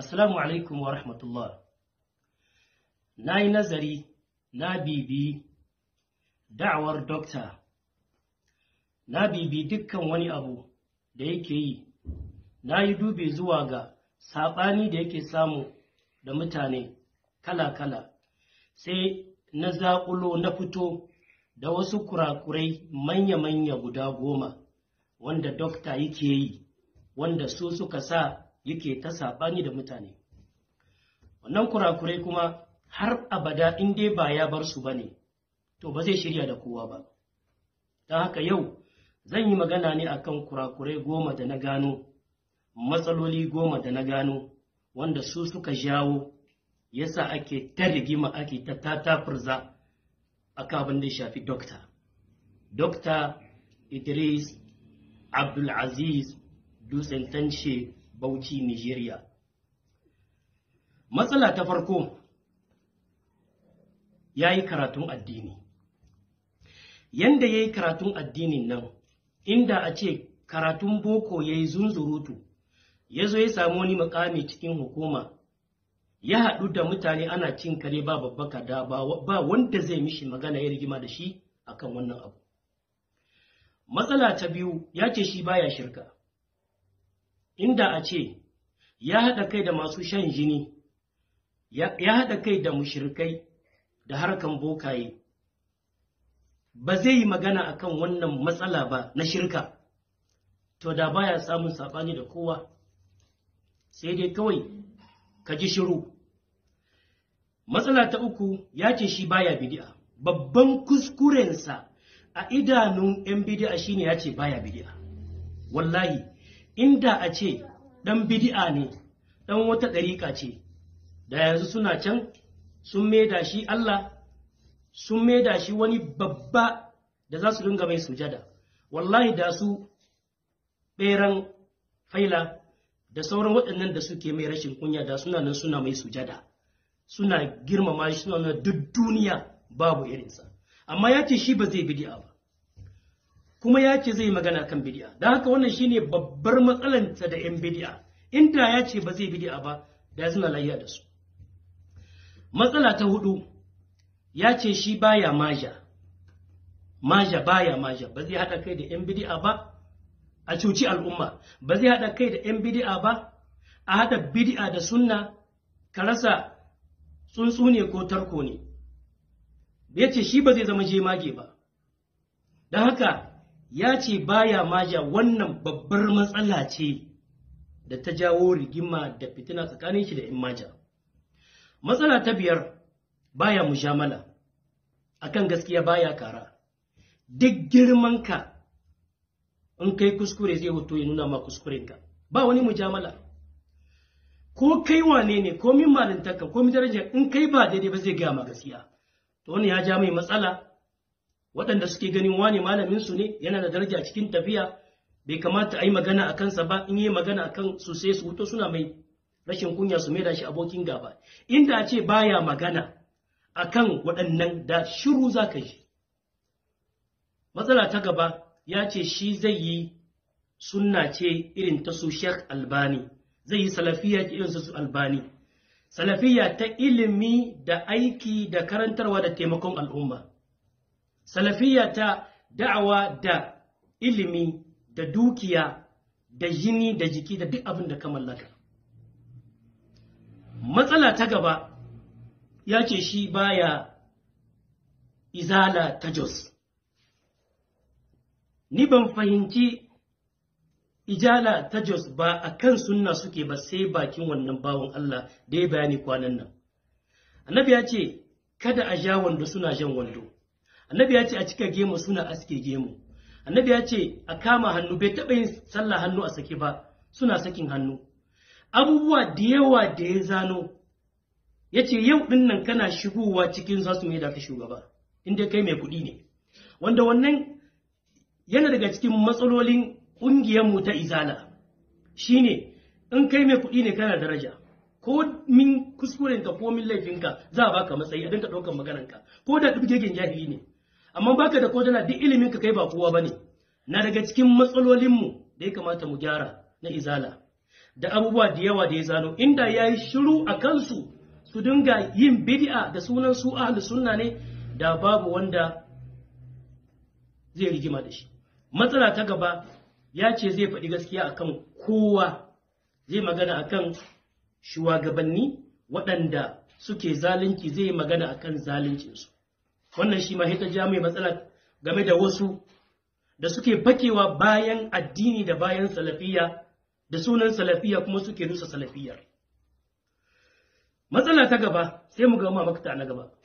Assalamu alaikum wa rahmatullah. Na yi nazari na bibi da'awar dokta, na bibi dukkan wani abu da yake yi, na yi dubi zuwa ga saɓani da yake samu da mutane kala-kala, sai na zaƙulo na fito da wasu kurakurai manya-manya guda goma wanda dokta yake yi, wanda su suka sa yake ta saɓani da mutane wannan kurakurai kuma har abada in dai ba ya bar su ba ne to ba zai shirya da kowa ba Ta haka yau zan yi magana ne akan kurakurai goma da na gano matsaloli goma da na gano wanda su suka jawo yasa ake ta rigima ake ta tatafurza a kabin da shafi dokta dokta idris abdulaziz dutsen tanshe Bauchi, Nigeria. Matsala ta farko ya yi karatun addini. Yanda ya yi karatun addinin nan, inda a ce karatun boko ya yi zunzurutu, ya zo ya samu wani makami cikin hukuma, ya haɗu da mutane ana cin kare ba babbaka da ba wanda zai mishi magana ya rigima da shi akan wannan abu. Matsala ta biyu ya ce shi baya shirka. inda a ce ya haɗa kai da masu shan jini ya haɗa kai da mushirikai da harkan bokaye ba zai yi magana a kan wannan matsala ba na shirka to da baya samun saɓani da kowa sai dai kawai ka ji shiru matsala ta uku ya ce shi baya bidi'a babban kuskurensa a idanun 'yan bidi'a shine ya ce baya bidi'a wallahi inda a ce ɗan bidi'a ne ɗan wata ɗariƙa ce da yanzu suna can sun maida shi Allah sun maida shi wani babba da za su dinga mai sujada wallahi da su ɓeran faila da sauran waɗannan da suke mai rashin kunya da suna nan suna mai sujada suna girmama shi suna duk duniya babu irinsa amma ya ce shi ba zai bidi'a ba kuma ya ce zai magana kan bidi'a don haka wannan shine babbar matsalansa da 'yan bidi'a inda ya ce ba zai bidi'a ba da ya zina da su matsala ta hudu ya ce shi baya maja maja baya maja ba zai haɗa kai da 'yan bidi'a ba a cuci al'umma ba zai haɗa kai da 'yan bidi'a ba a haɗa bidi'a da sunna ka rasa tsuntsu ne ko tarko ne ya ce shi ba zai zama jemage ba don haka ya ce baya maja wannan babbar matsala ce da ta jawo rigima da fitina tsakanin shi da in maja matsala ta biyar baya mujamala akan gaskiya baya kara duk girman ka in kai kuskure zai hoto ya nuna ma kuskurenka ba wani mujamala ko kai wane ne ko min malintarka ko min darajar in kai ba daidai ba zai gaya ma gaskiya to wani ya ja mai matsala waɗanda suke ganin wane malamin su ne yana da daraja cikin tafiya bai kamata a yi magana a kansa ba in yi magana a kan su sai su wuto suna mai rashin kunya su maida shi abokin gaba inda a ce baya magana a kan waɗannan da shiru za ka yi matsala ta gaba ya ce shi zai yi sunna ce irin ta su shek albani zai yi salafiya ce irin su albani salafiya ta ilimi da aiki da karantarwa da taimakon al'umma salafiyya ta da'awa da ilimi da dukiya da jini da jiki da duk abin da ka mallaka matsala ta gaba ya ce shi baya izala ta jos ni ban fahimci Izala ta jos ba a kan sunna suke ba sai bakin wannan bawan Allah da ya bayani kwanan nan annabi ya ce kada a ja wando suna jan wando annabi ya ce a cika gemu suna aske gemu annabi ya ce a kama hannu bai taɓa yin sallah hannu a sake ba suna sakin hannu abubuwa da yawa da ya zano ya ce yau ɗin nan kana shigowa cikin za su maida da shugaba inda kai mai kuɗi ne wanda wannan yana daga cikin matsalolin ƙungiyar mu ta izala shine in kai mai kuɗi ne kana daraja ko min kuskurenka ko min laifinka za a baka matsayi a dinka ɗaukar maganarka ko da ɗubgegen jahili ne amma baka da kodana duk ilimin ka kai ba kowa bane na daga cikin matsalolin mu da ya kamata mu gyara na izala da abubuwa da yawa da ya zano inda yayi shiru a kansu su dinga yin bid'a da sunan su ahlus sunna ne da babu wanda zai rigima da shi matsala ta gaba ya ce zai faɗi gaskiya akan kowa zai magana akan shugabanni waɗanda suke zalunci zai magana akan zaluncinsu wannan shi ma ya ja mai matsala game da wasu da suke bakewa bayan addini da bayan salafiya da sunan salafiya kuma suke rusa salafiyar matsala ta gaba sai mu ga makta na gaba